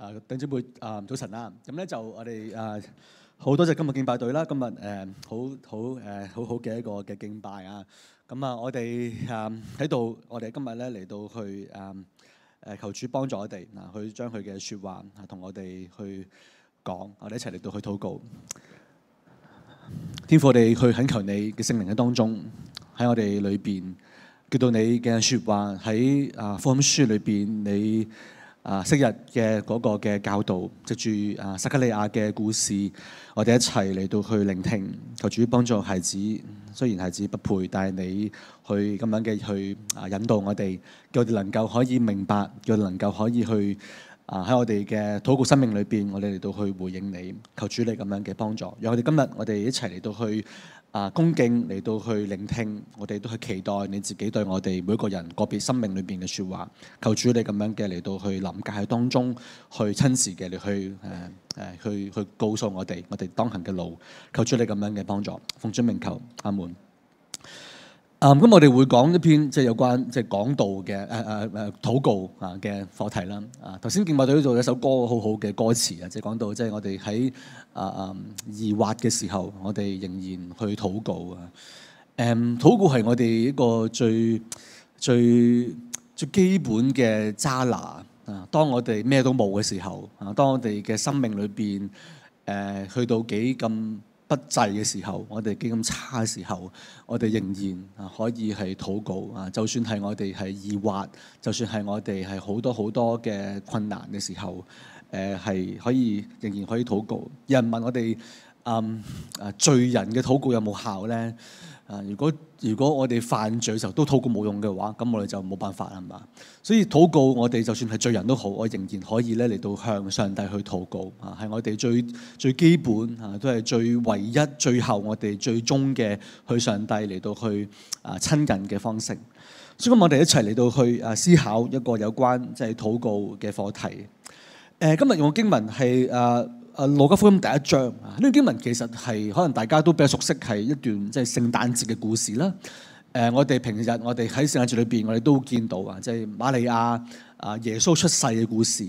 啊，弟兄姊妹啊，早晨啦！咁咧就我哋啊，好多謝今日敬拜隊啦，今日誒，好好誒，好好嘅一個嘅敬拜啊！咁啊，我哋啊喺度，我哋今日咧嚟到去啊，誒，求主幫助我哋嗱，去將佢嘅說話啊，同我哋去講，我哋一齊嚟到去禱告，天父我哋去懇求你嘅聖靈嘅當中，喺我哋裏邊，叫到你嘅說話喺啊福音書裏邊你。啊，昔日嘅嗰個嘅教導，藉住啊撒迦利亞嘅故事，我哋一齊嚟到去聆聽，求主幫助孩子。雖然孩子不配，但係你去咁樣嘅去啊引導我哋，叫我哋能夠可以明白，叫我哋能夠可以去啊喺我哋嘅禱告生命裏邊，我哋嚟到去回應你。求主你咁樣嘅幫助，讓我哋今日我哋一齊嚟到去。啊，恭敬嚟到去聆聽，我哋都去期待你自己對我哋每個人個別生命裏面的說話，求主你這樣的嚟到去臨界喺當中去親自的嚟去、呃、去去告訴我哋，我哋當行的路，求主你這樣的幫助，奉主名求，阿門。啊，咁我哋會講一篇即係有關即係講道嘅誒誒誒禱告啊嘅課題啦。啊，頭先敬拜隊做咗一首歌，很好好嘅歌詞啊，即係講到即係我哋喺啊啊疑惑嘅時候，我哋仍然去禱告啊。誒、嗯，禱告係我哋一個最最最基本嘅揸拿啊。當我哋咩都冇嘅時候啊，當我哋嘅生命裏邊誒、呃、去到幾咁。不濟嘅時候，我哋幾咁差嘅時候，我哋仍然啊可以係禱告啊，就算係我哋係疑惑，就算係我哋係好多好多嘅困難嘅時候，誒係可以仍然可以禱告。有人問我哋，誒、嗯、罪人嘅禱告有冇效咧？啊，如果。如果我哋犯罪嘅時候都禱告冇用嘅話，咁我哋就冇辦法係嘛？所以禱告我哋就算係罪人都好，我仍然可以咧嚟到向上帝去禱告啊，係我哋最最基本啊，都係最唯一最後我哋最終嘅去上帝嚟到去啊親近嘅方式。所以我哋一齊嚟到去啊思考一個有關即係禱告嘅課題。今日用嘅經文係誒。誒路加福音第一章啊，呢段經文其實係可能大家都比較熟悉，係一段即係聖誕節嘅故事啦。誒，我哋平日我哋喺聖誕節裏邊，我哋都見到啊，即係馬利亞啊，耶穌出世嘅故事。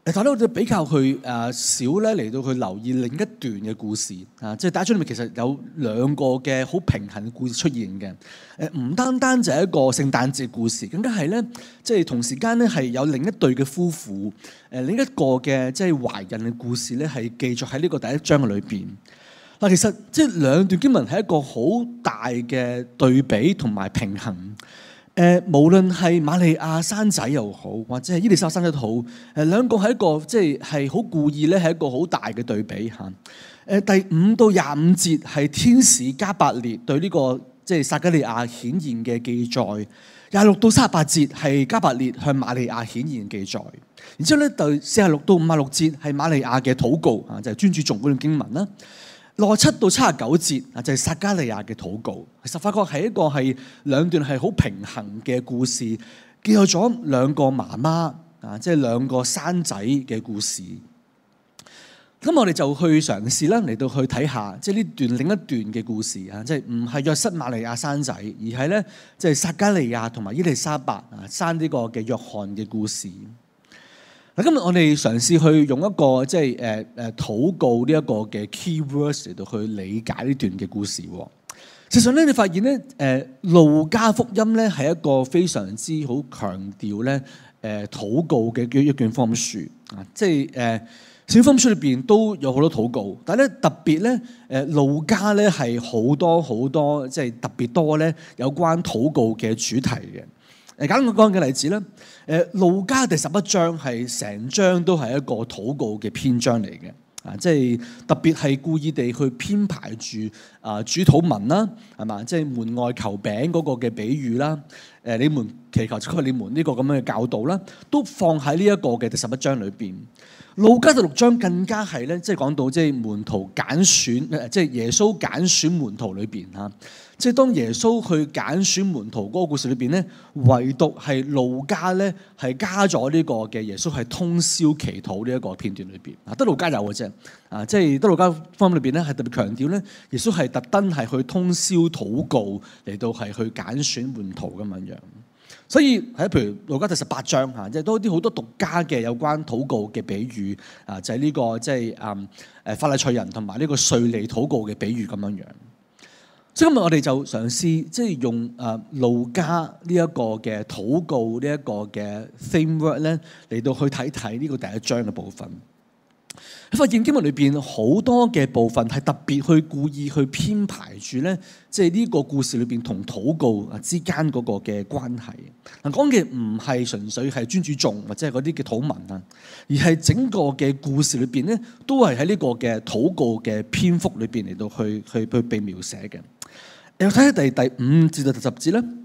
誒，但係咧，我哋比較佢誒少咧嚟到佢留意另一段嘅故事啊，即係第一章裏面其實有兩個嘅好平衡嘅故事出現嘅。誒，唔單單就係一個聖誕節嘅故事，更加係咧，即係同時間咧係有另一對嘅夫婦，誒另一個嘅即係懷孕嘅故事咧係記載喺呢個第一章嘅裏邊。嗱，其實即係兩段經文係一個好大嘅對比同埋平衡。誒，無論係瑪利亞生仔又好，或者係伊麗莎生仔都好，誒兩個係一個即係係好故意咧，係一個好大嘅對比嚇。誒，第五到廿五節係天使加百列對呢、這個即係撒迦利亞顯現嘅記載，廿六到卅八節係加百列向瑪利亞顯現記載，然之後咧就四十六到五十六節係瑪利亞嘅禱告啊，就專、是、注重嗰段經文啦。內十七到七十九節啊，就係、是、撒迦利亞嘅禱告。其實發覺係一個係兩段係好平衡嘅故事，見到咗兩個媽媽啊，即係兩個生仔嘅故事。咁我哋就去嘗試啦，嚟到去睇下，即係呢段另一段嘅故事啊，即係唔係約瑟馬利亞生仔，而係咧即係撒迦利亞同埋伊利沙伯啊生呢個嘅約翰嘅故事。今日我哋嘗試去用一個即係誒誒禱告呢一個嘅 key words 嚟到去理解呢段嘅故事。事實上咧，你發現咧，誒路加福音咧係一個非常之好強調咧，誒禱告嘅叫一卷福音書啊。即係誒，小福音書裏邊都有好多禱告，但係咧特別咧，誒路加咧係好多好多即係特別多咧有關禱告嘅主題嘅。嚟簡單講嘅例子咧，誒，路加第十一章係成章都係一個禱告嘅篇章嚟嘅，啊，即係特別係故意地去編排住啊主禱文啦，係嘛，即係門外求餅嗰個嘅比喻啦，誒，你們祈求，即話你們呢個咁樣嘅教導啦，都放喺呢一個嘅第十一章裏邊。路加第六章更加係咧，即係講到即係門徒揀選，即係耶穌揀選門徒裏邊啊。即係當耶穌去揀選門徒嗰個故事裏邊咧，唯獨係路加咧係加咗呢個嘅耶穌係通宵祈禱呢一個片段裏邊啊，得路加有嘅啫啊，即係德路加方面裏邊咧係特別強調咧，耶穌係特登係去通宵禱告嚟到係去揀選門徒咁樣樣。所以係譬如路加第十八章吓，即係都有啲好多獨家嘅有關禱告嘅比喻啊，就係呢個即係誒誒法利賽人同埋呢個稅吏禱告嘅比喻咁樣樣。今日我哋就嘗試即係用誒路加呢一個嘅禱告呢一個嘅 framework 咧，嚟到去睇睇呢個第一章嘅部分，你發現今日裏邊好多嘅部分係特別去故意去編排住咧，即係呢個故事裏邊同禱告之間嗰個嘅關係。嗱，講嘅唔係純粹係專注重或者係嗰啲嘅禱文啊，而係整個嘅故事裏邊咧，都係喺呢個嘅禱告嘅篇幅裏邊嚟到去去去被描寫嘅。又睇睇第第五至到第十節啦。嗯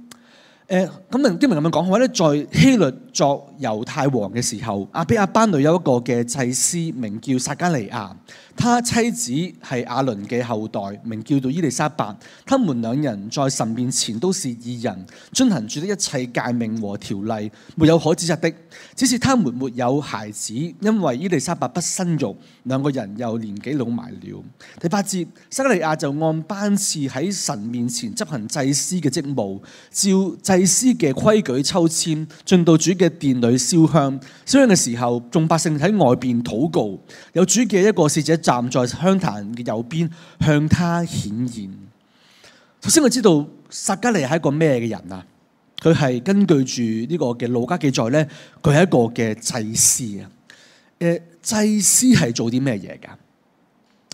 誒咁啲人咁樣講好咧，在希律作猶太王嘅時候，阿比亞班裏有一個嘅祭司，名叫撒加利亞。他妻子係阿倫嘅後代，名叫做伊利莎白。他們兩人在神面前都是義人，遵行住的一切戒命和條例，沒有可指責的。只是他們沒有孩子，因為伊利莎白不生育，兩個人又年紀老埋了。第八節，撒加利亞就按班次喺神面前執行祭司嘅職務，照祭司嘅規矩抽籤，進到主嘅殿裏燒香，燒香嘅時候，眾百姓喺外邊禱告。有主嘅一個使者站在香壇嘅右邊，向他顯現。首先，我知道撒迦利係一個咩嘅人啊？佢係根據住呢個嘅路加記載咧，佢係一個嘅祭司啊。誒，祭司係做啲咩嘢噶？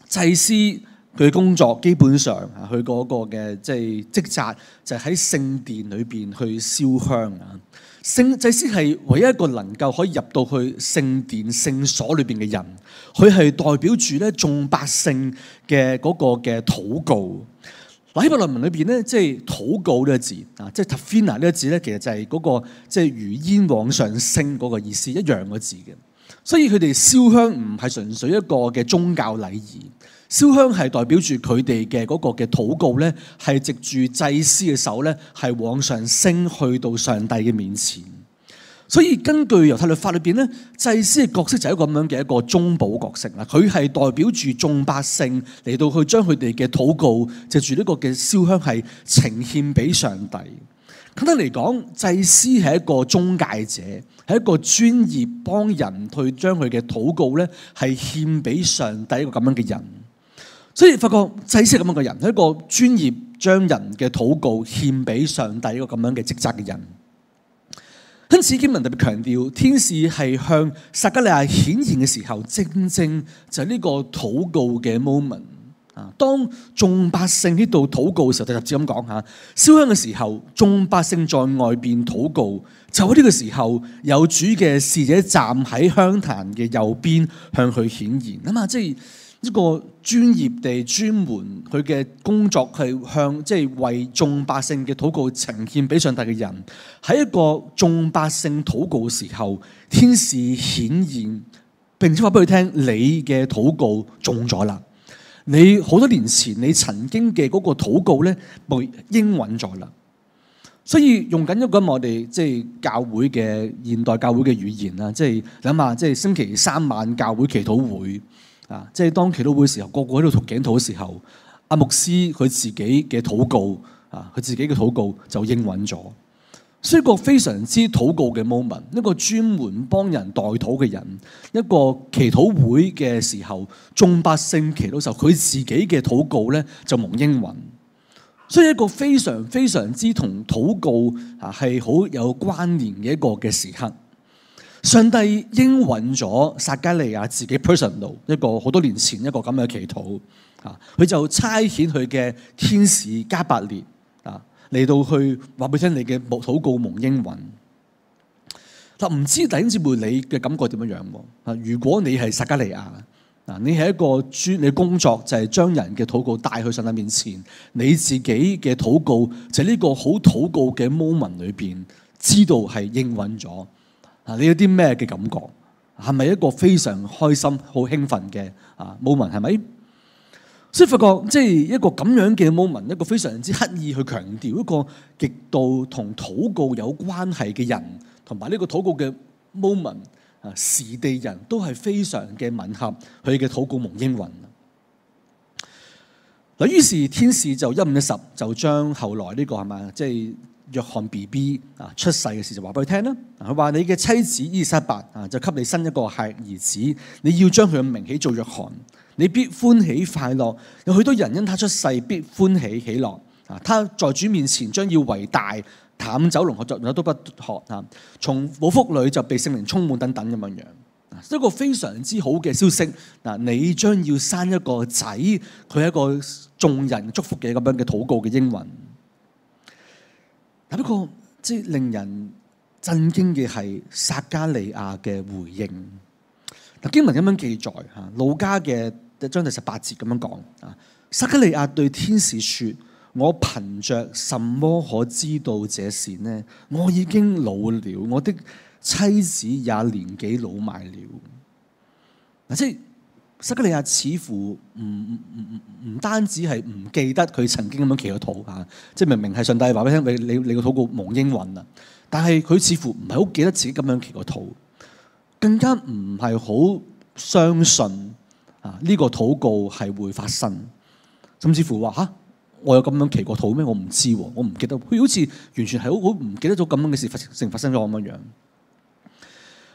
祭司。佢工作基本上，佢嗰個嘅即係職責就喺聖殿裏邊去燒香啊。聖祭司係唯一一個能夠可以入到去聖殿聖所裏邊嘅人，佢係代表住咧眾百姓嘅嗰個嘅禱告。喺希伯來文裏邊咧，即係禱告呢個字啊，即係 Tefena 呢個字咧，其實就係嗰個即係如煙往上升嗰個意思一樣個字嘅，所以佢哋燒香唔係純粹一個嘅宗教禮儀。燒香係代表住佢哋嘅嗰個嘅禱告呢係藉住祭司嘅手呢係往上升去到上帝嘅面前。所以根據猶太，太律法裏邊呢，祭司嘅角色就係一個咁樣嘅一個中保角色啦。佢係代表住眾百姓嚟到去將佢哋嘅禱告藉住呢個嘅燒香係呈獻俾上帝。簡單嚟講，祭司係一個中介者，係一個專業幫人去將佢嘅禱告呢係獻俾上帝一個咁樣嘅人。所以發覺祭司咁樣嘅人係一個專業將人嘅禱告獻俾上帝一個咁樣嘅職責嘅人。因此經文特別強調，天使係向撒加利亞顯現嘅時候，正正就係呢個禱告嘅 moment 啊！當眾百姓呢度禱告嘅時候，就直接咁講吓，燒香嘅時候，眾百姓在外邊禱告，就喺呢個時候，有主嘅使者站喺香壇嘅右邊向佢顯現啊！嘛，即係。一個專業地專門佢嘅工作係向即係、就是、為眾百姓嘅禱告呈現俾上帝嘅人，喺一個眾百姓禱告嘅時候，天使顯現，並且話俾佢聽：你嘅禱告中咗啦！你好多年前你曾經嘅嗰個禱告咧，被應允咗啦。所以用緊一個我哋即係教會嘅現代教會嘅語言啦，即係諗下，即、就、係、是、星期三晚教會祈禱會。啊！即係當祈禱會嘅時候，個個喺度同聲禱告嘅時候，阿牧師佢自己嘅禱告啊，佢自己嘅禱告就應允咗，所以一個非常之禱告嘅 moment，一個專門幫人代禱嘅人，一個祈禱會嘅時候眾百姓祈禱時候，佢自己嘅禱告咧就蒙應允，所以一個非常非常之同禱告啊係好有關聯嘅一個嘅時刻。上帝應允咗撒加利亞自己 personal 一個好多年前一個咁嘅祈禱，啊，佢就差遣佢嘅天使加百列啊嚟到去話俾聽你嘅禱告蒙應允。嗱，唔知道弟兄姊妹你嘅感覺點樣樣？啊，如果你係撒加利亞，嗱，你係一個專你工作就係將人嘅禱告帶去上帝面前，你自己嘅禱告就呢個好禱告嘅 moment 裏邊，知道係應允咗。啊！你有啲咩嘅感覺？係咪一個非常開心、好興奮嘅啊 moment？係咪？所以發覺即係一個咁樣嘅 moment，一個非常之刻意去強調一個極度同禱告有關係嘅人，同埋呢個禱告嘅 moment 啊時地人都係非常嘅吻合，佢嘅禱告蒙應允。嗱，於是天使就一五一十就將後來呢、呢個係咪？即係。就是約翰 B B 啊出世嘅時就話俾佢聽啦，佢話你嘅妻子伊撒白啊就給你生一個係兒子，你要將佢嘅名起做約翰，你必歡喜快樂，有許多人因他出世必歡喜喜樂啊！他在主面前將要為大，淡酒濃學作濃酒都不喝啊！從母腹裏就被聖靈充滿等等咁樣樣，一個非常之好嘅消息嗱，你將要生一個仔，佢係一個眾人祝福嘅咁樣嘅禱告嘅英文。不過即係令人震驚嘅係撒加利亞嘅回應。嗱，經文咁樣記載吓，路加嘅第一章第十八節咁樣講啊，撒加利亞對天使說：我憑着什麼可知道這事呢？我已經老了，我的妻子也年紀老邁了。嗱，即係。塞加利亞似乎唔唔唔唔唔單止係唔記得佢曾經咁樣祈過禱啊。即係明明係上帝話俾你聽，你你你個禱告蒙應允啦，但係佢似乎唔係好記得自己咁樣祈過禱，更加唔係好相信啊呢個禱告係會發生，甚至乎話吓、啊，我有咁樣祈過禱咩？我唔知喎，我唔記得。佢好似完全係好好唔記得咗咁樣嘅事發成發生咗咁樣樣。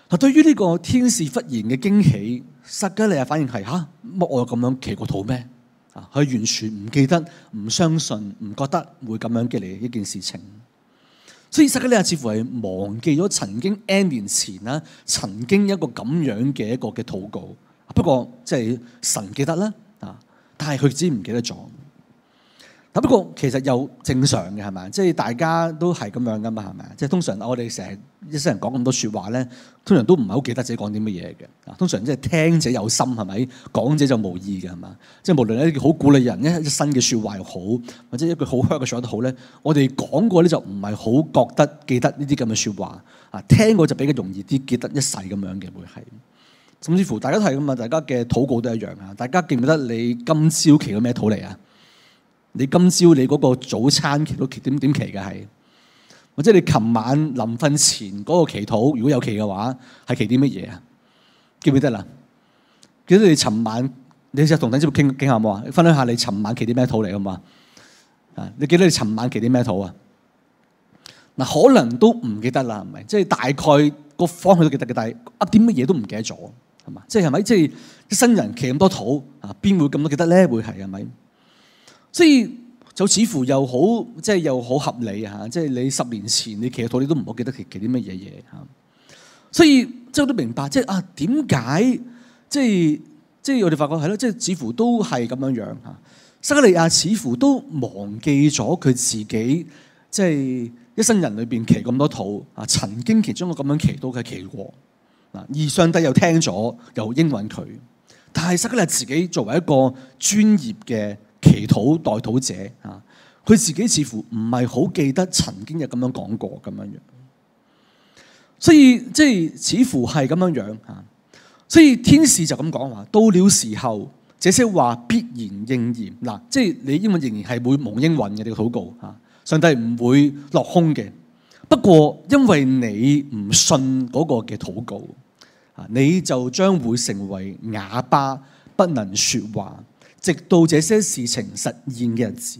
對對於呢個天使忽然嘅驚喜，撒迦利亞反應係嚇，乜我有咁樣祈過禱咩？啊，佢完全唔記得，唔相信，唔覺得會咁樣記你一件事情。所以撒迦利亞似乎係忘記咗曾經 N 年前曾經一個咁樣嘅一個嘅禱告。不過即係神記得啦，但係佢只唔記得咗。不過其實又正常嘅係咪？即係大家都係咁樣噶嘛，係咪？即係通常我哋成日一世人講咁多説話咧，通常都唔係好記得自己講啲乜嘢嘅。啊，通常即係聽者有心係咪？講者就無意嘅係嘛。即係無論咧一句好鼓勵人一生嘅説話又好，或者一句好 hurt 嘅說話都好咧，我哋講過咧就唔係好覺得記得呢啲咁嘅説話。啊，聽過就比較容易啲記得一世咁樣嘅會係。甚至乎大家都係咁嘛，大家嘅禱告都一樣啊。大家記唔記得你今朝祈嘅咩禱嚟啊？你今朝你嗰個早餐都點點祈嘅係，或者你琴晚臨瞓前嗰個祈禱，如果有祈嘅話，係祈啲乜嘢啊？記唔記得啦？記得你琴晚，你試下同陳叔傾傾下冇啊？分享下你琴晚祈啲咩禱嚟好唔好啊？啊，你記得你琴晚祈啲咩禱啊？嗱，可能都唔記得啦，係咪？即係大概個方向都記得嘅，但係一啲乜嘢都唔記得咗，係嘛？即係係咪？即係新人祈咁多禱啊，邊會咁多記得咧？會係係咪？是所以就似乎又好，即係又好合理即係、啊、就是、你十年前你祈禱，你都唔好記得祈啲乜嘢嘢，所以即係都明白，即、就、係、是、啊，點解即係即係我哋發覺係咯，即係、就是、似乎都係咁樣樣嚇。撒、啊、迦利亞似乎都忘記咗佢自己即係、就是、一生人裏面祈咁多禱啊，曾經其中一個咁樣祈到嘅祈過嗱，而上帝又聽咗又應允佢，但係撒迦利亞自己作為一個專業嘅。祈禱代禱者啊，佢自己似乎唔係好記得曾經有咁樣講過咁樣樣，所以即係似乎係咁樣樣。所以天使就咁講話，到了時候，這些話必然應驗。嗱，即係你英文仍然係會蒙英文嘅你個禱告啊，上帝唔會落空嘅。不過因為你唔信嗰個嘅禱告啊，你就將會成為啞巴，不能說話。直到這些事情實現嘅日子，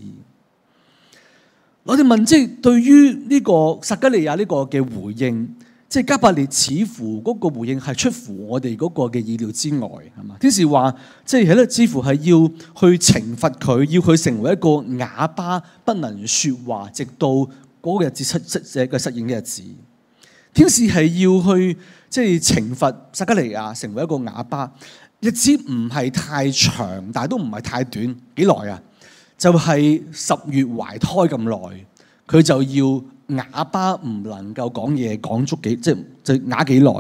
我哋問即係、就是、對於呢、這個撒迦利亞呢個嘅回應，即、就、係、是、加百利似乎嗰個回應係出乎我哋嗰個嘅意料之外，係嘛？天使話即係喺度，似乎係要去懲罰佢，要佢成為一個啞巴，不能說話，直到嗰個日子出實即嘅實，實，實現嘅日子。天使係要去即係、就是、懲罰撒迦利亞，成為一個啞巴。日子唔係太長，但係都唔係太短，幾耐啊？就係十月懷胎咁耐，佢就要啞巴，唔能夠講嘢，講足幾，即係就啞幾耐。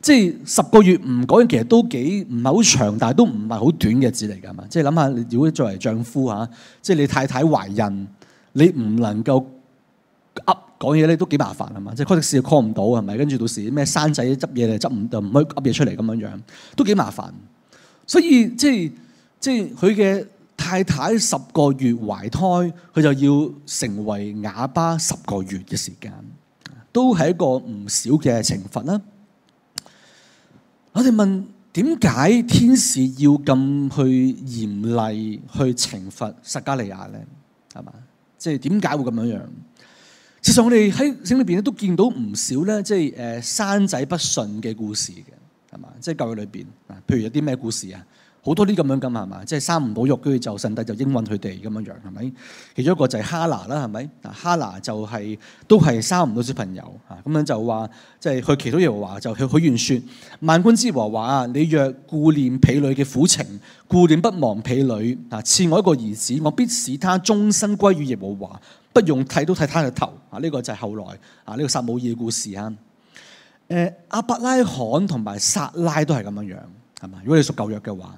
即係十個月唔講嘢，其實都幾唔係好長，但係都唔係好短嘅字嚟㗎嘛。即係諗下，如果作為丈夫嚇，即係你太太懷孕，你唔能夠。噏講嘢咧，都幾麻煩係嘛？即係 call 得少 call 唔到係咪？跟住到時咩山仔執嘢嚟執唔到，唔可以噏嘢出嚟咁樣樣，都幾麻煩。所以即係即係佢嘅太太十個月懷胎，佢就要成為啞巴十個月嘅時間，都係一個唔少嘅懲罰啦。我哋問點解天使要咁去嚴厲去懲罰撒加利亞咧？係嘛，即係點解會咁樣樣？其實我哋喺聖經裏面都見到唔少，即係生仔不順嘅故事嘅，係嘛？即係教育裏面啊，譬如有啲咩故事啊？好多啲咁樣咁係嘛，即係、就是、生唔到肉，跟住就上帝就應允佢哋咁樣樣係咪？其中一個就係哈拿啦係咪？嗱哈拿就係、是、都係生唔到小朋友嚇，咁樣就話即係去祈禱耶和華就去許願説萬軍之耶和華啊，你若顧念婢女嘅苦情，顧念不忘婢女，嗱賜我一個兒子，我必使他終身歸於耶和華，不用剃都剃他嘅頭。啊、這、呢個就係後來啊呢、這個撒母耳嘅故事啊。誒、呃、阿伯拉罕同埋撒拉都係咁樣樣係嘛？如果你屬舊約嘅話。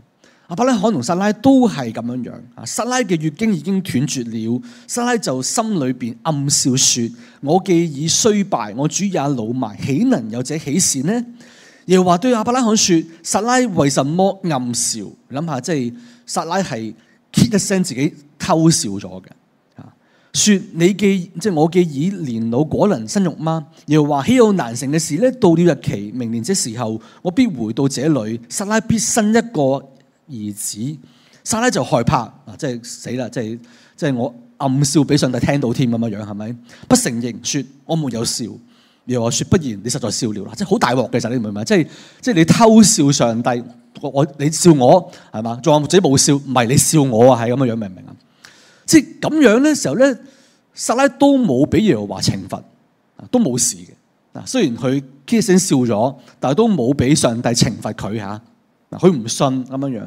阿伯拉罕同撒拉都係咁樣樣，啊！撒拉嘅月經已經斷絕了，撒拉就心裏邊暗笑說：我既已衰敗，我主也老邁，豈能有這喜事呢？又話對阿伯拉罕說：撒拉為什麼暗笑？諗下即係撒拉係 kit 一聲自己偷笑咗嘅，啊！說你既即係我既已年老，果能生育嗎？又話豈有難成嘅事呢？到了日期，明年這時候，我必回到這裏，撒拉必生一個。兒子沙拉就害怕啊！即係死啦！即係即係我暗笑俾上帝聽到添，咁嘅樣係咪？不承認，説我沒有笑。若話説不然，你實在笑了啦！即係好大鑊嘅，其實你明唔明？即係即係你偷笑上帝，我你笑我係嘛？仲話自己冇笑，唔係你笑我啊！係咁嘅樣明唔明啊？即係咁樣咧時候咧，沙拉都冇俾耶和華懲罰，都冇事嘅。雖然佢 k i s 啲先笑咗，但係都冇俾上帝懲罰佢嚇。佢唔信咁樣樣，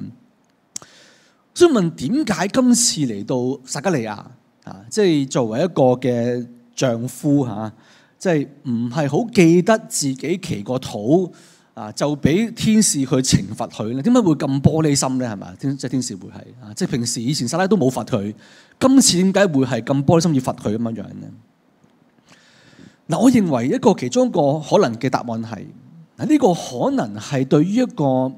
所以問，點解今次嚟到撒加利亞啊？即係作為一個嘅丈夫吓，即係唔係好記得自己祈個肚，啊，就俾天使去懲罰佢咧？點解會咁玻璃心咧？係咪，天即係天使會係啊？即係平時以前撒拉都冇罰佢，今次點解會係咁玻璃心要罰佢咁樣樣咧？嗱，我認為一個其中一個可能嘅答案係，嗱，呢個可能係對於一個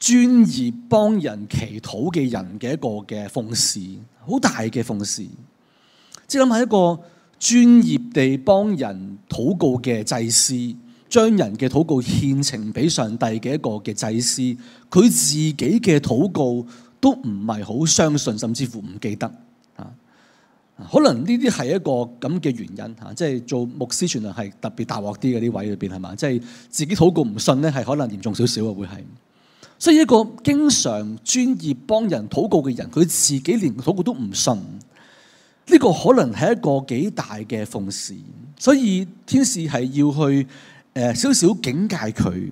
專業幫人祈禱嘅人嘅一個嘅奉事，好大嘅奉事。即係諗下一個專業地幫人禱告嘅祭司，將人嘅禱告獻呈俾上帝嘅一個嘅祭司，佢自己嘅禱告都唔係好相信，甚至乎唔記得啊。可能呢啲係一個咁嘅原因嚇，即係做牧師傳原來係特別大鑊啲嘅啲位裏邊係嘛，即係自己禱告唔信咧，係可能嚴重少少嘅會係。所以一個經常專業幫人禱告嘅人，佢自己連禱告都唔信，呢、這個可能係一個幾大嘅諷刺。所以天使係要去誒、呃、少少警戒佢，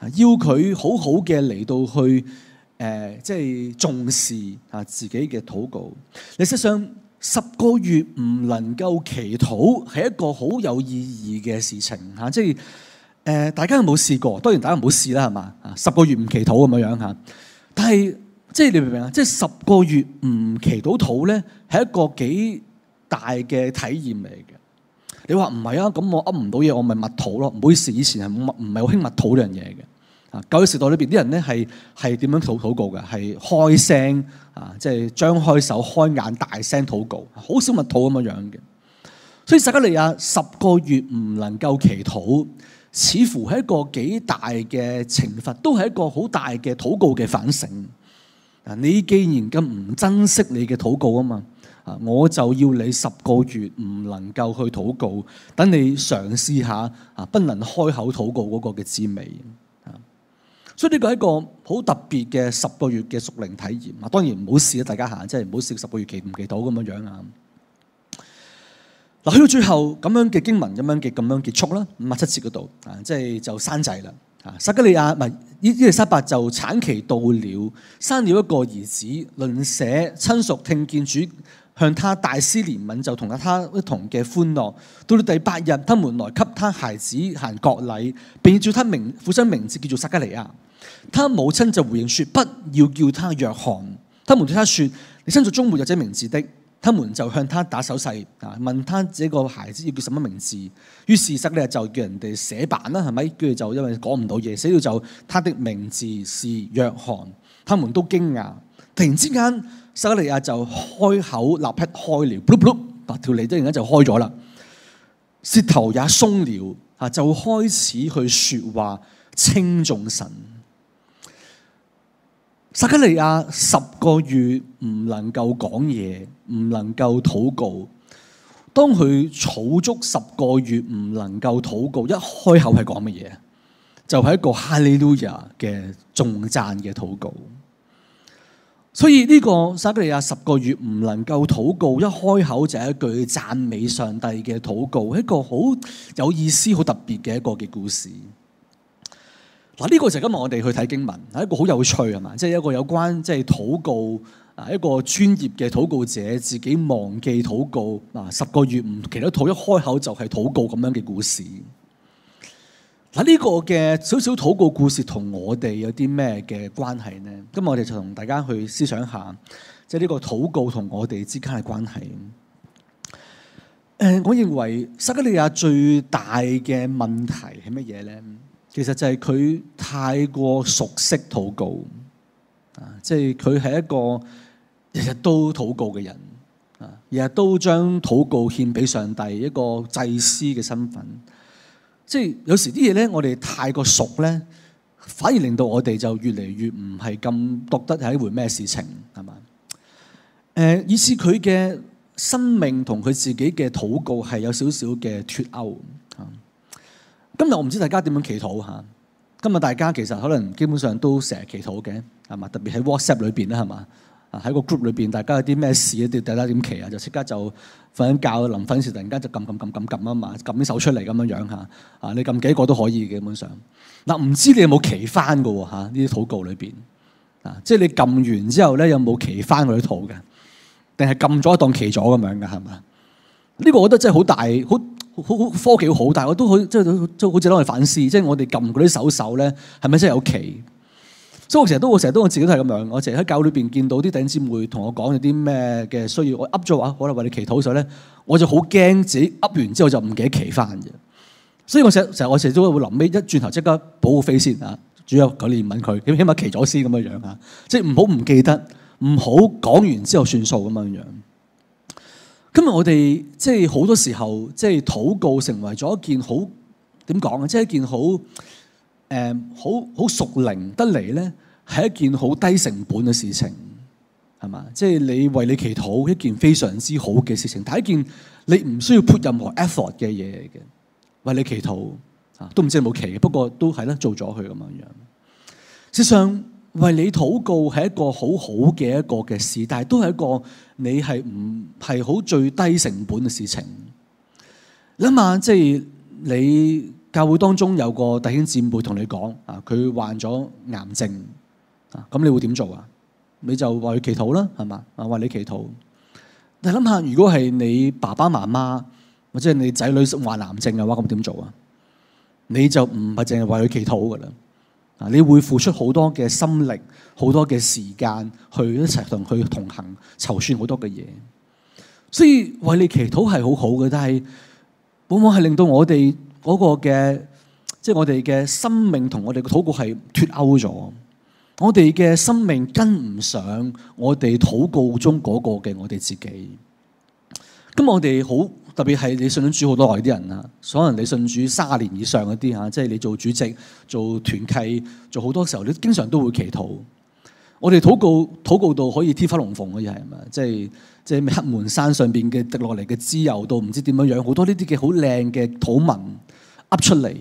要佢好好嘅嚟到去誒，即、呃、係、就是、重視下自己嘅禱告。你實際上十個月唔能夠祈禱，係一個好有意義嘅事情吓，即、啊、係。就是誒，大家有冇試過？當然大家冇試啦，係嘛？十個月唔祈禱咁樣樣吓，但係即係你明唔明啊？即係十個月唔祈禱禱咧，係一個幾大嘅體驗嚟嘅。你話唔係啊？咁我噏唔到嘢，我咪默禱咯。唔好意思，以前係唔係好興默禱呢樣嘢嘅。啊，舊時代裏邊啲人咧係係點樣禱禱告嘅？係開聲啊，即係張開手、開眼、大聲禱告，好少默禱咁樣樣嘅。所以撒迦利亞十個月唔能夠祈禱。似乎係一個幾大嘅懲罰，都係一個好大嘅禱告嘅反省。嗱，你既然咁唔珍惜你嘅禱告啊嘛，啊我就要你十個月唔能夠去禱告，等你嘗試下啊，不能開口禱告嗰個嘅滋味。所以呢個係一個好特別嘅十個月嘅屬靈體驗。嗱，當然唔好試啊，大家行下即係唔好試十個月祈唔祈禱咁樣樣啊。去到最後咁樣嘅經文咁樣嘅咁樣結束啦，五七節嗰度啊，即係就生仔啦。撒加利亞唔係伊伊麗莎伯就產期到了，生了一個兒子。鄰舍親屬聽見主向他大施憐憫，就同他一同嘅歡樂。到了第八日，他們來給他孩子行割禮，並叫他名，父親名字叫做撒加利亞。他母親就回應說：不要叫他約翰。他們對他說：你親屬中沒有這名字的。他們就向他打手勢，啊，問他這個孩子要叫什麼名字。於是塞利亞就叫人哋寫版啦，係咪？跟住就因為講唔到嘢，寫到就他的名字是約翰。他們都驚訝，突然之間，塞利亞就開口，立刻開了，噗噗噗，白條脷突然間就開咗啦，舌頭也鬆了，啊，就開始去說話，稱頌神。撒加利亞十個月唔能夠講嘢，唔能夠禱告。當佢儲足十個月唔能夠禱告，一開口係講乜嘢？就係、是、一個哈利路亞嘅重讚嘅禱告。所以呢個撒加利亞十個月唔能夠禱告，一開口就係一句讚美上帝嘅禱告，一個好有意思、好特別嘅一個嘅故事。嗱，呢個就係今日我哋去睇經文，係一個好有趣啊嘛，即係、就是、一個有關即係禱告啊，一個專業嘅禱告者自己忘記禱告，嗱十個月唔記得禱，一開口就係禱告咁樣嘅故事。嗱，呢個嘅少少禱告故事同我哋有啲咩嘅關係呢？今日我哋就同大家去思想一下，即係呢個禱告同我哋之間嘅關係。誒，我認為撒迦利亞最大嘅問題係乜嘢呢？其實就係佢太過熟悉禱告，啊，即係佢係一個日日都禱告嘅人，啊，日日都將禱告獻俾上帝，一個祭司嘅身份。即係有時啲嘢咧，我哋太過熟咧，反而令到我哋就越嚟越唔係咁覺得係一回咩事情，係嘛？誒、呃，以至佢嘅生命同佢自己嘅禱告係有少少嘅脫勾。今日我唔知大家點樣祈禱吓，今日大家其實可能基本上都成日祈禱嘅，係嘛？特別喺 WhatsApp 裏邊啦，係嘛？啊，喺個 group 裏邊，大家有啲咩事，一啲大家點祈啊，就即刻就瞓緊覺，臨瞓時突然間就撳撳撳撳撳啊嘛，撳啲手出嚟咁樣樣吓，啊你撳幾個都可以嘅，基本上。嗱唔知你有冇祈翻噶吓呢啲禱告裏邊啊？即係你撳完之後咧，有冇祈翻嗰啲禱嘅？定係撳咗當祈咗咁樣噶係嘛？呢個我覺得真係好大，好好好科技好大，我都好即係都好似攞嚟反思，即係我哋撳嗰啲手手咧，係咪真係有祈？所以我成日都我成日都我自己都係咁樣，我成日喺教裏邊見到啲弟兄姊妹同我講有啲咩嘅需要，我噏咗話可能為你祈禱時候咧，我就好驚自己噏完之後就唔記得祈翻嘅。所以我成日成日我成日都會臨尾一轉頭即刻補飛先嚇，主要佢憐憫佢，起碼祈咗先咁樣樣嚇，即係唔好唔記得，唔好講完之後算數咁樣樣。今日我哋即係好多時候，即係禱告成為咗一件好點講啊，即係一件好誒好好熟練得嚟咧，係一件好低成本嘅事情，係嘛？即係你為你祈禱一件非常之好嘅事情，但係一件你唔需要 put 任何 effort 嘅嘢嘅，為你祈禱啊都唔知有冇期，不過都係啦，做咗佢咁樣樣，事實上。為你禱告係一個好好嘅一個嘅事，但係都係一個你係唔係好最低成本嘅事情。諗下，即係你教會當中有個弟兄姊妹同你講啊，佢患咗癌症啊，咁你會點做啊？你就為佢祈禱啦，係嘛啊？為你祈禱。你諗下，如果係你爸爸媽媽或者係你仔女患癌症嘅話，咁點做啊？你就唔係淨係為佢祈禱噶啦。啊！你會付出好多嘅心力，好多嘅時間去一齊同佢同行籌算好多嘅嘢，所以為你祈禱係好好嘅，但係往往係令到我哋嗰個嘅，即係我哋嘅生命同我哋嘅禱告係脫鈎咗，我哋嘅生命跟唔上我哋禱告中嗰個嘅我哋自己，咁我哋好。特別係你信主好多耐啲人啊，可能你信主卅年以上嗰啲啊，即係你做主席、做團契、做好多時候，你經常都會祈禱。我哋禱告禱告到可以天花龍鳳嘅嘢係嘛？即係即係黑門山上邊嘅滴落嚟嘅滋油到唔知點樣樣，好多呢啲嘅好靚嘅禱文噏出嚟。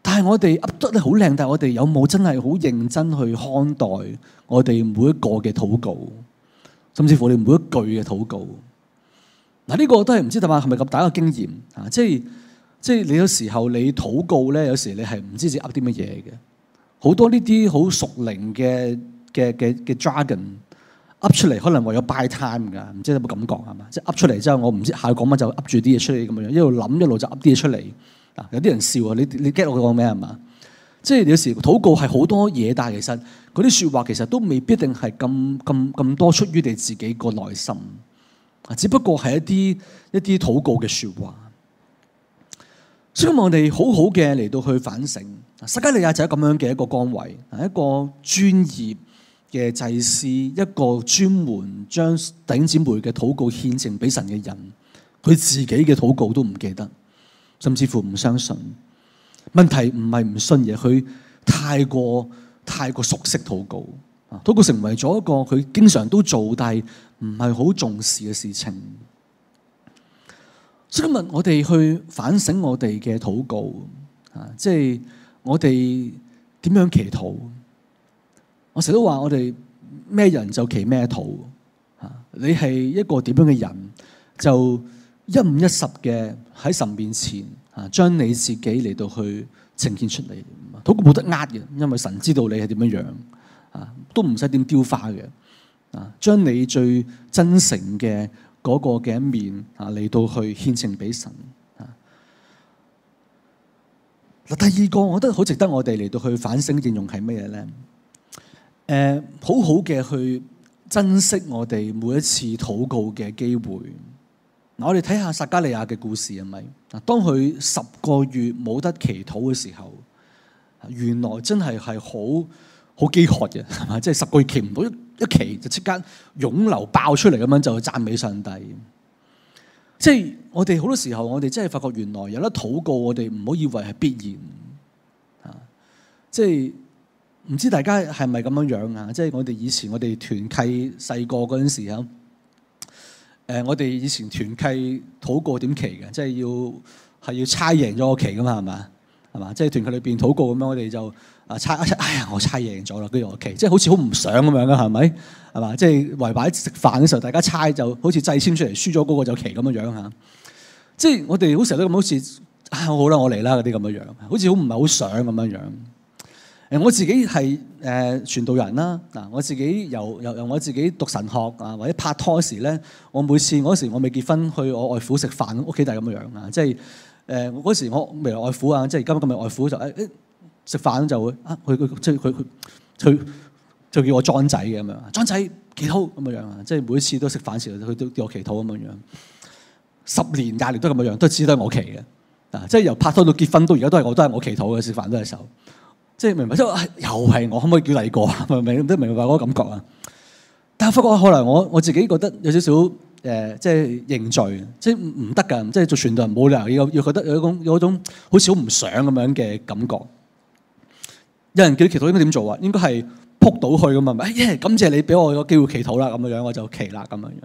但係我哋噏得咧好靚，但係我哋有冇真係好認真去看待我哋每一個嘅禱告，甚至乎我哋每一句嘅禱告？嗱、這、呢個我都係唔知點啊，係咪咁大個經驗啊？即係即係你有時候你禱告咧，有時你係唔知自己噏啲乜嘢嘅。好多呢啲好熟靈嘅嘅嘅嘅 dragon 噏出嚟，可能為咗 buy time 㗎，唔知有冇感覺係嘛？即係噏出嚟之後，我唔知下句講乜就噏住啲嘢出嚟咁樣，一路諗一路就噏啲嘢出嚟。啊，有啲人笑啊，你你 get 我講咩係嘛？即係、就是、有時禱告係好多嘢，但係其實嗰啲説話其實都未必定係咁咁咁多出於你自己個內心。啊！只不過係一啲一啲禱告嘅說話，所以我哋好好嘅嚟到去反省。撒迦利亞就係咁樣嘅一個崗位，一個專業嘅祭司，一個專門將弟兄姊妹嘅禱告獻呈俾神嘅人，佢自己嘅禱告都唔記得，甚至乎唔相信。問題唔係唔信嘢，佢太過太過熟悉禱告。禱告成為咗一個佢經常都做，但係唔係好重視嘅事情。所以今日我哋去反省我哋嘅禱告啊，即係我哋點樣祈禱。我成日都話我哋咩人就祈咩禱啊。你係一個點樣嘅人，就一五一十嘅喺神面前啊，將你自己嚟到去呈現出嚟。禱告冇得呃嘅，因為神知道你係點樣樣啊。都唔使點雕花嘅。啊，將你最真誠嘅嗰個嘅一面啊，嚟到去獻呈俾神啊。嗱，第二個我覺得好值得我哋嚟到去反省應用係乜嘢咧？誒、呃，很好好嘅去珍惜我哋每一次禱告嘅機會。嗱，我哋睇下撒迦利亞嘅故事係咪？嗱，當佢十個月冇得祈禱嘅時候，原來真係係好。好飢渴嘅，係嘛？即係十個月期唔到，一一期就即刻湧流爆出嚟，咁樣就讚美上帝。即係我哋好多時候，我哋真係發覺原來有得禱告，我哋唔好以為係必然。吓，即係唔知大家係咪咁樣樣啊？即係我哋以前我哋團契細個嗰陣時候，誒，我哋以前團契禱告點期嘅，即係要係要差贏咗個期噶嘛，係嘛，係嘛？即係團契裏邊禱告咁樣，我哋就。啊，猜，哎呀，我猜贏咗啦，跟住我祈，即係好似好唔想咁樣啦，係咪？係嘛，即係圍擺食飯嘅時候，大家猜就好似掣籤出嚟，輸咗嗰個就祈咁樣樣嚇。即係我哋好成日都咁好似，啊，好啦，我嚟啦嗰啲咁樣樣，好似好唔係好想咁樣樣。誒，我自己係誒傳道人啦，嗱，我自己由由由我自己讀神學啊，或者拍拖的時咧，我每次嗰時我未結婚，去我外父食飯，屋企就係咁樣樣啊，即係誒，我、呃、嗰時我未來外父啊，即係而家咁嘅外父就誒。哎食飯就會啊，佢佢即係佢佢佢就叫我莊仔嘅咁樣，莊仔祈禱咁嘅樣啊，即係每次都食飯時佢都叫我祈禱咁嘅樣。十年廿年都咁嘅樣，都只係我祈嘅。嗱、啊，即係由拍拖到結婚到而家都係我都係我祈禱嘅食飯都係手。即係明白，即係、哎、又係我可唔可以叫第二個？明唔明都明白嗰、那個、感覺啊？但係發覺後來我我自己覺得有點少少誒、呃，即係認罪，即係唔得㗎，即係做傳道冇理由要要覺得有一種有一種,有一種好似好唔想咁樣嘅感覺。有人叫你祈禱，應該點做啊？應該係撲到去咁啊嘛！耶，yeah, 感謝你俾我個機會祈禱啦，咁樣樣我就祈啦，咁樣樣。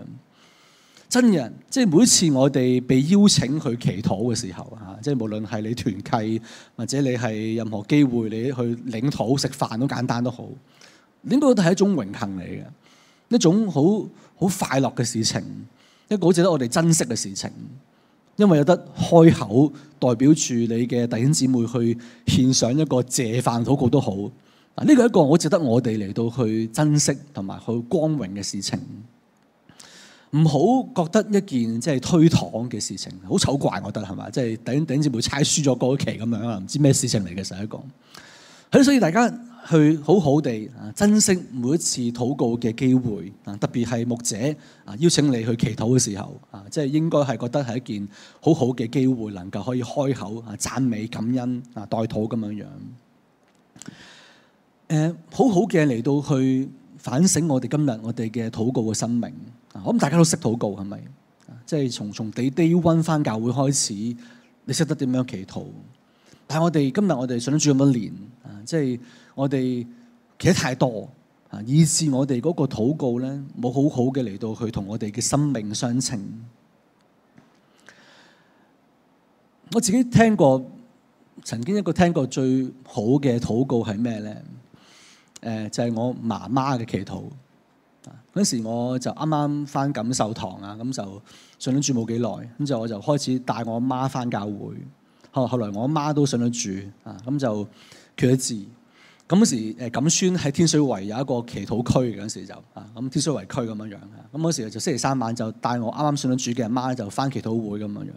真人，即係每次我哋被邀請去祈禱嘅時候啊，即係無論係你團契或者你係任何機會，你去領土食飯都簡單都好，應該都係一種榮幸嚟嘅，一種好好快樂嘅事情，一個好值得我哋珍惜嘅事情。因為有得開口代表住你嘅弟兄姊妹去獻上一個謝飯禱告都好，嗱呢個一個好值得我哋嚟到去珍惜同埋去光榮嘅事情，唔好覺得一件即係推搪嘅事情，好醜怪我覺得係咪？即係、就是、弟，弟兄姊妹猜輸咗嗰期咁樣啊，唔知咩事情嚟嘅實一個，咁所以大家。去好好地啊，珍惜每一次禱告嘅機會，啊，特別係牧者啊，邀請你去祈禱嘅時候啊，即係應該係覺得係一件好好嘅機會，能夠可以開口啊，讚美感恩啊，代禱咁樣樣。誒，好好嘅嚟到去反省我哋今日我哋嘅禱告嘅生命啊。我諗大家都識禱告係咪？即係從從 day day one 翻教會開始，你識得點樣祈禱，但係我哋今日我哋想住咁多年，啊，即係。我哋企得太多啊，以致我哋嗰個禱告咧，冇好好嘅嚟到去同我哋嘅生命相稱。我自己聽過，曾經一個聽過最好嘅禱告係咩咧？誒就係、是、我媽媽嘅祈禱。嗰時我就啱啱翻錦繡堂啊，咁就上得住冇幾耐，咁就我就開始帶我媽翻教會。後後來我媽都上得住啊，咁就缺字。咁時誒，錦孫喺天水圍有一個祈禱區嘅嗰時就啊，咁天水圍區咁樣樣，咁嗰時就星期三晚就帶我啱啱上咗主嘅阿媽就返祈禱會咁樣樣。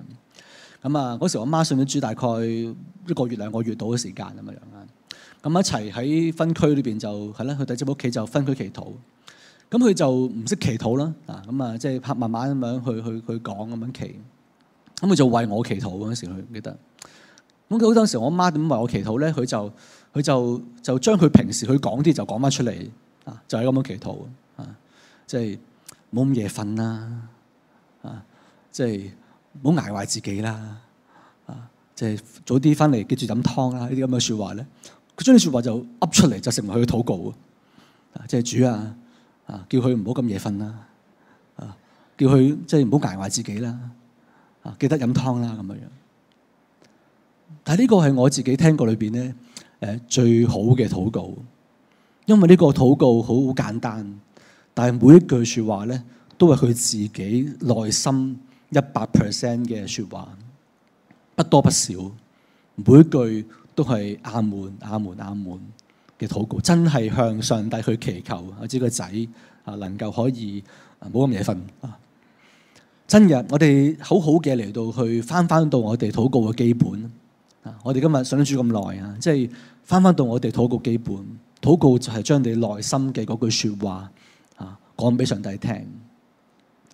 咁啊，嗰時我媽上咗主大概一個月兩個月到嘅時間咁樣樣啦。咁一齊喺分區裏面就係啦，去第二隻屋企就分區祈禱。咁佢就唔識祈禱啦，啊咁啊，即係拍慢慢咁樣去去去，去講咁樣祈。咁佢就為我祈禱嗰時佢記得。咁佢好多時我媽點為我祈禱咧？佢就佢就就將佢平時佢講啲就講翻出嚟啊，就係咁樣祈禱啊，即係冇咁夜瞓啦啊，即係唔好捱壞自己啦啊，即係早啲翻嚟，記住飲湯啦呢啲咁嘅說話咧，佢將啲說話就噏出嚟就成為佢嘅禱告啊，即係主啊啊，叫佢唔好咁夜瞓啦啊，叫佢即係唔好捱壞自己啦啊，記得飲湯啦咁樣樣。但係呢個係我自己聽過裏邊咧。誒，最好嘅禱告，因為呢個禱告好簡單，但係每一句說話咧，都係佢自己內心一百 percent 嘅說話，不多不少，每一句都係阿門阿門阿門嘅禱告，真係向上帝去祈求，我知個仔啊能夠可以啊冇咁夜瞓啊，真嘅。我哋好好嘅嚟，到去翻翻到我哋禱告嘅基本。啊！我哋今日上咗主咁耐啊，即係翻翻到我哋禱告基本，禱告就係將你內心嘅嗰句説話啊講俾上帝聽。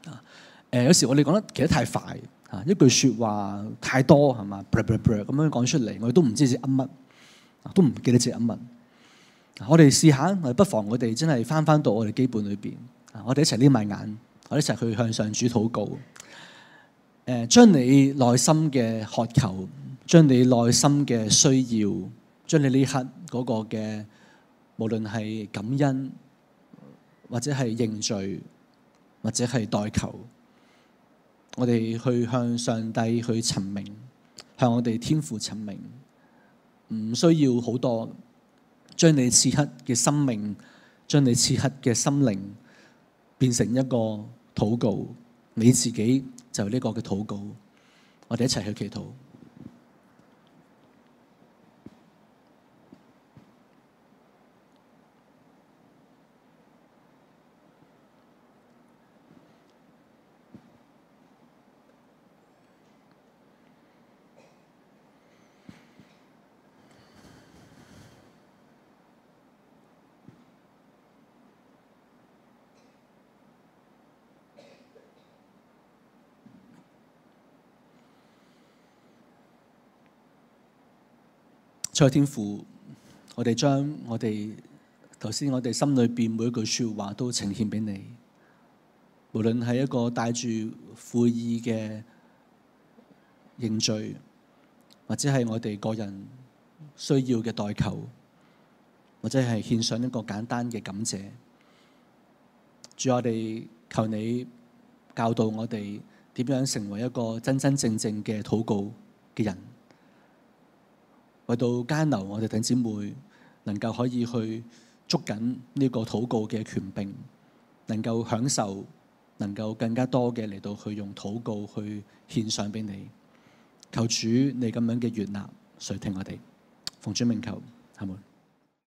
啊、呃！誒有時我哋講得其實太快啊，一句説話太多係嘛？咁、呃呃呃、樣講出嚟，我哋都唔知自己乜，都唔記得自己乜。我哋試下，我哋不妨我哋真係翻翻到我哋基本裏邊。我哋一齊眯埋眼，我哋一齊去向上主禱告。誒、呃，將你內心嘅渴求。將你內心嘅需要，將你呢刻嗰個嘅，無論係感恩，或者係認罪，或者係代求，我哋去向上帝去陳明，向我哋天父陳明，唔需要好多，將你此刻嘅生命，將你此刻嘅心靈，變成一個禱告，你自己就呢個嘅禱告，我哋一齊去祈禱。蔡天父，我哋將我哋頭先我哋心裏邊每一句說話都呈現俾你。無論係一個帶住悔意嘅認罪，或者係我哋個人需要嘅代求，或者係獻上一個簡單嘅感謝。主，我哋求你教導我哋點樣成為一個真真正正嘅禱告嘅人。為到加恩樓我哋弟兄姊妹，能夠可以去捉緊呢個禱告嘅權柄，能夠享受，能夠更加多嘅嚟到去用禱告去獻上俾你，求主你咁樣嘅悅納，垂聽我哋，奉主名求，阿門。